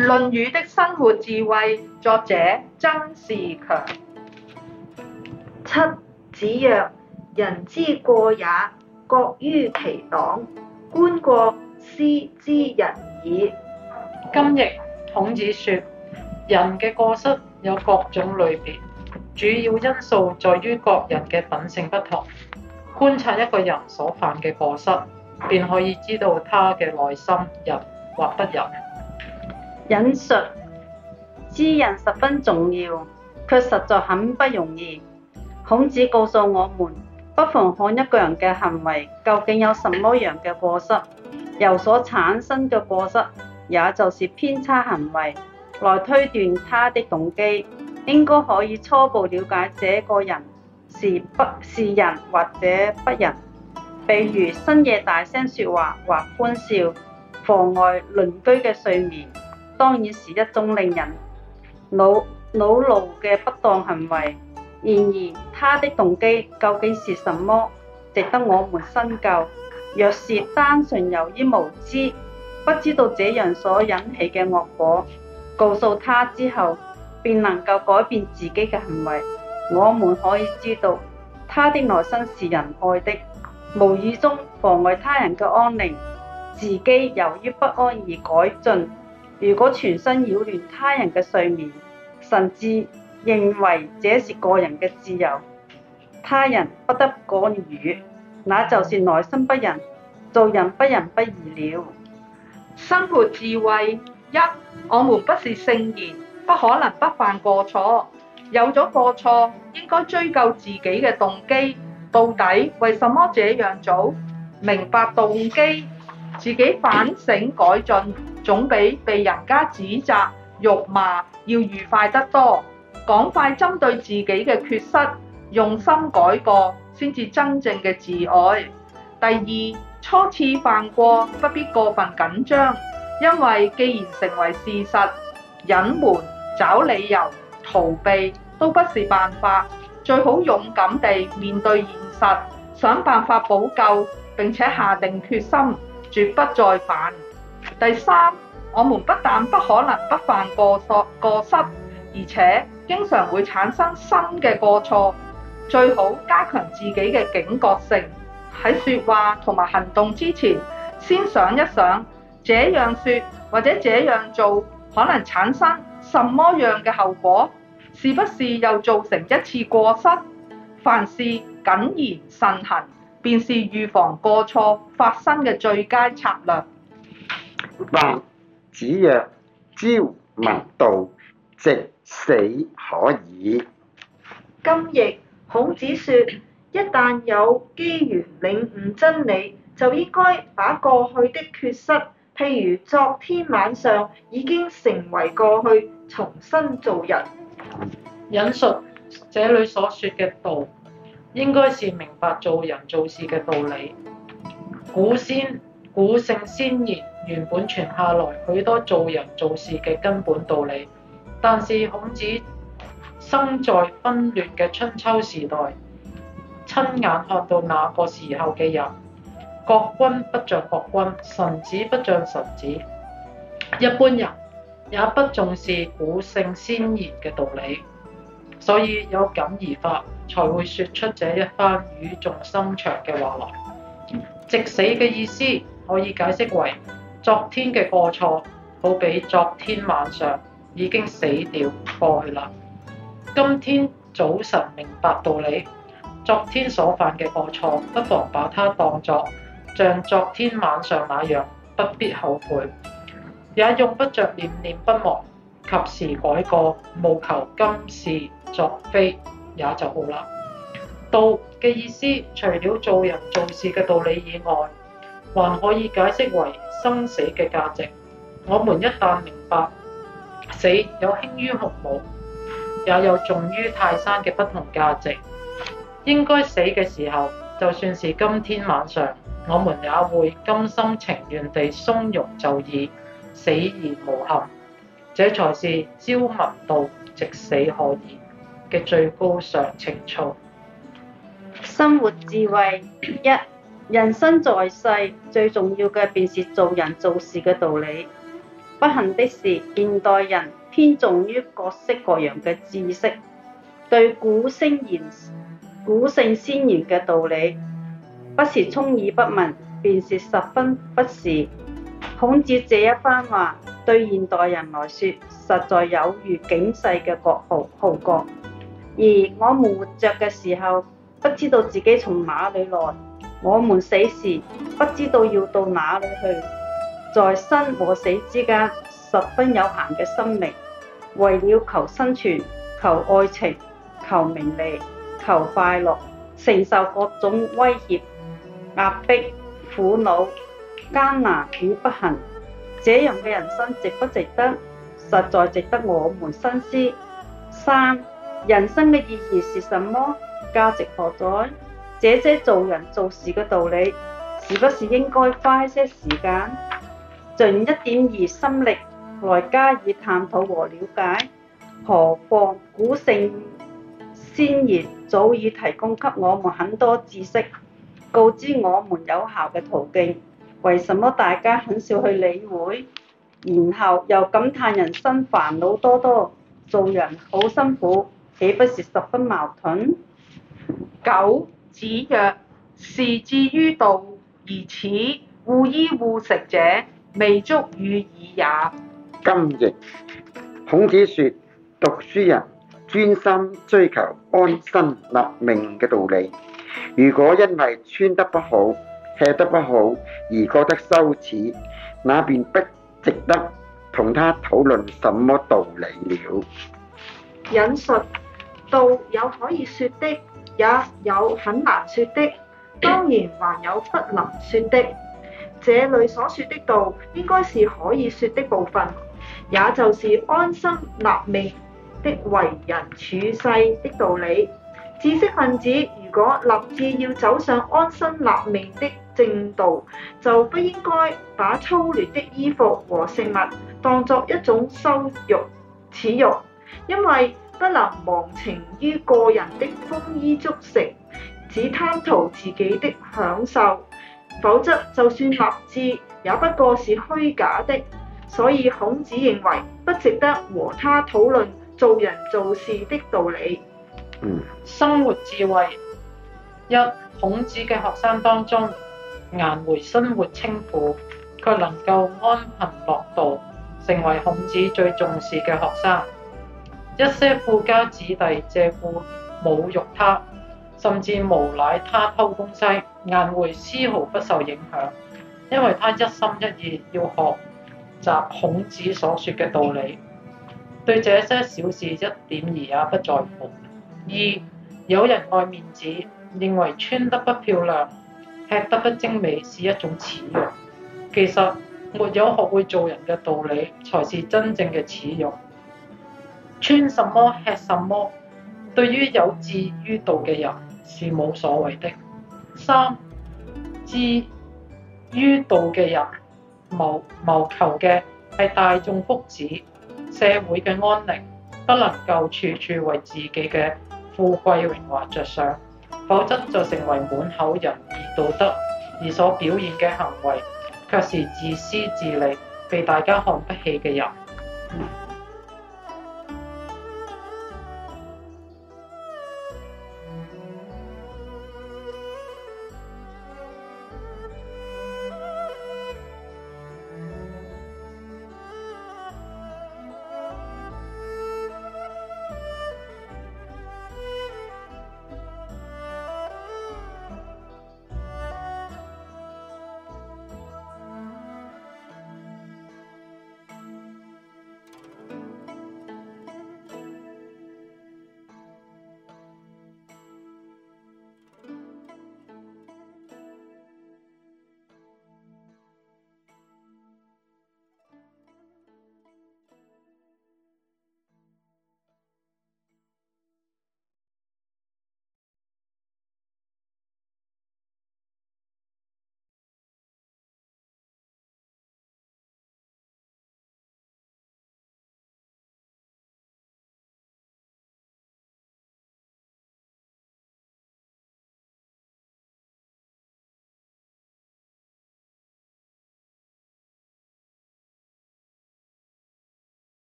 《論語》的生活智慧，作者曾仕強。七子曰：人之過也，各於其黨。觀過斯知仁矣。今譯孔子說：人嘅過失有各種類別，主要因素在於各人嘅品性不同。觀察一個人所犯嘅過失，便可以知道他嘅內心仁或不仁。引述知人十分重要，卻實在很不容易。孔子告訴我們，不妨看一個人嘅行為究竟有什麼樣嘅過失，由所產生嘅過失，也就是偏差行為，來推斷他的動機，應該可以初步了解這個人是不，是仁或者不仁。譬如深夜大聲說話或歡笑，妨礙鄰居嘅睡眠。當然是一種令人惱惱怒嘅不當行為。然而，他的動機究竟是什麼，值得我們深究。若是單純由於無知，不知道這樣所引起嘅惡果，告訴他之後，便能夠改變自己嘅行為。我們可以知道，他的內心是仁愛的，無意中妨礙他人嘅安寧，自己由於不安而改進。如果全身擾亂他人嘅睡眠，甚至認為這是個人嘅自由，他人不得干預，那就是內心不仁，做人不仁不義了。生活智慧一，我們不是聖賢，不可能不犯過錯。有咗過錯，應該追究自己嘅動機，到底為什麼這樣做？明白動機。自己反省改進，總比被人家指責、辱罵要愉快得多。趕快針對自己嘅缺失，用心改過，先至真正嘅自愛。第二，初次犯過不必過分緊張，因為既然成為事實，隱瞞、找理由、逃避都不是辦法，最好勇敢地面對現實，想辦法補救，並且下定決心。絕不再犯。第三，我們不但不可能不犯過錯過失，而且經常會產生新嘅過錯。最好加強自己嘅警覺性，喺説話同埋行動之前，先想一想，這樣説或者這樣做，可能產生什麼樣嘅後果？是不是又造成一次過失？凡事謹言慎行。便是預防過錯發生嘅最佳策略。子曰：「朝聞道，夕死可矣。」今譯孔子說：一旦有機緣領悟真理，就應該把過去的缺失，譬如昨天晚上已經成為過去，重新做人。引述這裡所說嘅道。應該是明白做人做事嘅道理。古先古聖先賢原本傳下來許多做人做事嘅根本道理，但是孔子生在紛亂嘅春秋時代，親眼看到那個時候嘅人，國君不像國君，臣子不像臣子，一般人也不重視古聖先賢嘅道理，所以有感而發。才會說出這一番語重心長嘅話來。直死嘅意思可以解釋為昨天嘅過錯，好比昨天晚上已經死掉過去啦。今天早晨明白道理，昨天所犯嘅過錯，不妨把它當作像昨天晚上那樣，不必後悔，也用不着念念不忘，及時改過，務求今是昨非。也就好啦。道嘅意思，除了做人做事嘅道理以外，還可以解釋為生死嘅價值。我們一旦明白死有輕於鴻毛，也有重於泰山嘅不同價值，應該死嘅時候，就算是今天晚上，我們也會甘心情願地從容就義，死而無憾。這才是朝聞道，夕死可矣嘅最高尚情操。生活智慧一，人生在世最重要嘅便是做人做事嘅道理。不幸的是，現代人偏重於各式各樣嘅知識，對古聖賢、古聖先賢嘅道理，不是充耳不聞，便是十分不是。孔子這一番話對現代人來說，實在有如警世嘅國號號角。而我們活着嘅時候，不知道自己從哪裡來；我們死時，不知道要到哪裡去。在生和死之間，十分有限嘅生命，為了求生存、求愛情、求名利、求快樂，承受各種威脅、壓迫、苦惱、艱難與不幸，這樣嘅人生值不值得？實在值得我們深思。三。人生嘅意義是什麼？價值何在？這些做人做事嘅道理，是不是應該花一些時間，盡一點熱心力來加以探討和了解？何況古聖先賢早已提供給我們很多知識，告知我們有效嘅途徑。為什麼大家很少去理會，然後又感嘆人生煩惱多多，做人好辛苦？豈不是十分矛盾？九子曰：士志於道，而恥惡衣惡食者，未足與議也。今譯，孔子說：讀書人專心追求安身立命嘅道理。如果因為穿得不好、食得不好而覺得羞恥，那便不值得同他討論什麼道理了。引述。道有可以說的，也有很難說的，當然還有不能說的。這裏所說的道，應該是可以說的部分，也就是安身立命的為人處世的道理。知識分子如果立志要走上安身立命的正道，就不應該把粗劣的衣服和食物當作一種羞辱、恥辱，因為。不能忘情於個人的豐衣足食，只貪圖自己的享受，否則就算立志，也不過是虛假的。所以孔子認為不值得和他討論做人做事的道理。生活智慧一，孔子嘅學生當中，顏回生活清苦，卻能夠安貧樂道，成為孔子最重視嘅學生。一些富家子弟借故侮辱他，甚至無賴他偷東西，顏回絲毫不受影響，因為他一心一意要學習孔子所說嘅道理，對這些小事一點兒也不在乎。二，有人愛面子，認為穿得不漂亮、吃得不精美是一種恥辱，其實，沒有學會做人嘅道理，才是真正嘅恥辱。穿什麼吃什麼，對於有志於道嘅人是冇所謂的。三，志於道嘅人，謀謀求嘅係大眾福祉、社會嘅安寧，不能夠處處為自己嘅富貴榮華着想，否則就成為滿口仁義道德，而所表現嘅行為卻是自私自利、被大家看不起嘅人。